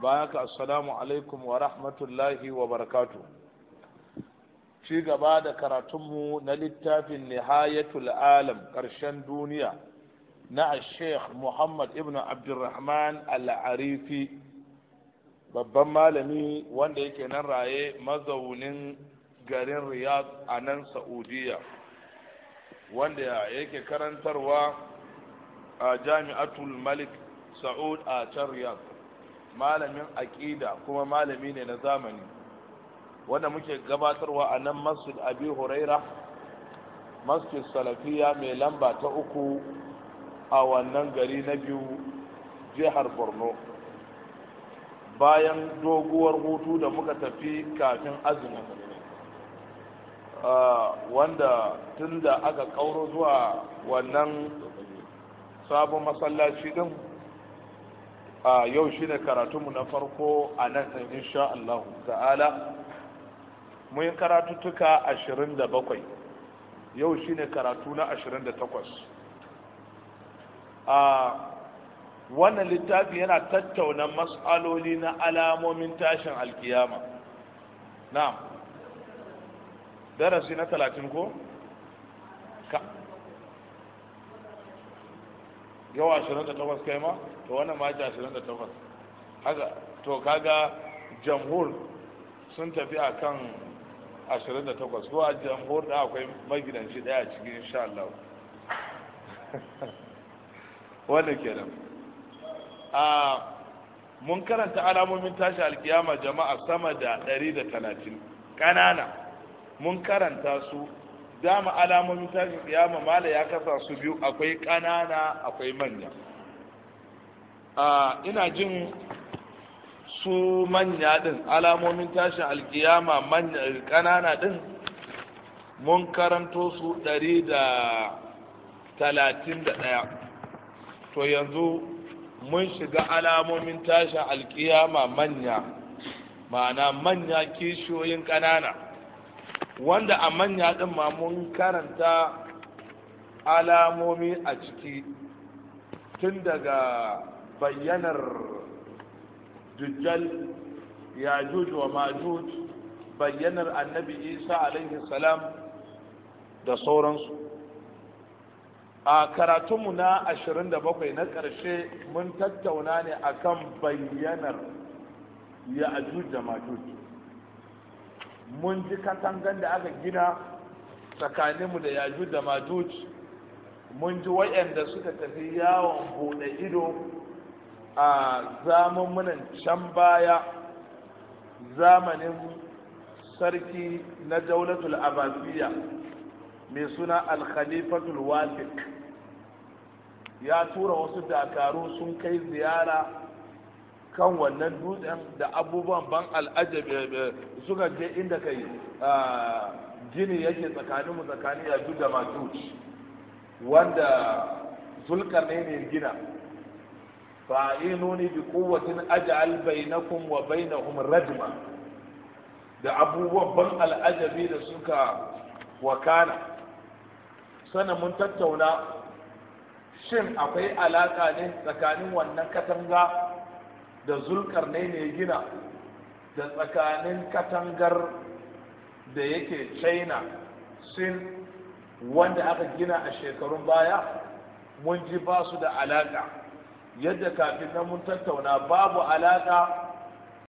bayan ka assalamu alaikum wa rahmatullahi wa barakatu ci gaba da karatunmu na littafin nihayatul alam ƙarshen duniya na sheikh muhammad ibn abdurrahman alarifi babban malami wanda yake nan raye mazaunin garin riyadh a nan saudiya wanda yake karantarwa a jami'atul malik sa'ud a can riyadh malamin aƙida kuma malami ne na zamani wanda muke gabatarwa a nan masjid abi huraira masjid salafiya mai lamba ta uku a wannan gari na biyu jihar borno bayan doguwar hutu da muka tafi kafin azumin wanda tun da aka kauro zuwa wannan sabon masallaci din a yau shi ne karatunmu na farko a nan insha Allah ta'ala mun yi karatuttuka 27 yau shi ne karatu na 28 a wannan littafi yana tattauna matsaloli na alamomin tashin alkiyama na darasi na 30 ko? yau ashirin da takwas kai ma to wannan ma ji ashirin da takwas haka to kaga jamhur sun tafi a kan ashirin da takwas ko a jamhur da akwai magidanci daya cikin insha Allah wannan kenan a mun karanta alamomin tashi alkiyama jama'a sama da 130 da talatin ƙanana mun karanta su dama alamomin tashin kiyama mala ya kasa su biyu akwai ƙanana akwai manya ina jin su manya din alamomin tashin alkiyama ƙanana din mun karanto su dari da talatin da ɗaya to yanzu mun shiga alamomin tashin alkiyama manya ma'ana manya kishiyoyin ƙanana wanda a manya ɗin ma mun karanta alamomi a ciki tun daga bayyanar dujjal yajuj wa majuj bayyanar annabi isa alaihi salam da sauransu a karatunmu na 27 na ƙarshe mun tattauna ne akan bayyanar yajuj da majuj mun ji katangan da aka gina tsakaninmu da yaju da majuj mun ji wayanda suka tafi yawon bude ido a zamanmunan can baya zamanin sarki na daulatul abasiya mai suna alkhalifatul wasik ya tura wasu dakaru sun kai ziyara kan wannan dutsen da abubuwan ban al'ajabi eh, eh, suka je inda kai ah, gini yake tsakanin mu tsakanin yanzu da masu wanda zulkar ne ne gina fa'inuni bi kowatin ajal bainakum wa bainahum rajma da abubuwan ban al'ajabi da suka wakana Sana mun tattauna shin akwai alaka ne tsakanin wannan katanga da zulkarnai ne gina da tsakanin katangar da yake china sin wanda aka gina a shekarun baya mun ji ba su da alaƙa. yadda kafin nan mun tattauna babu alaƙa.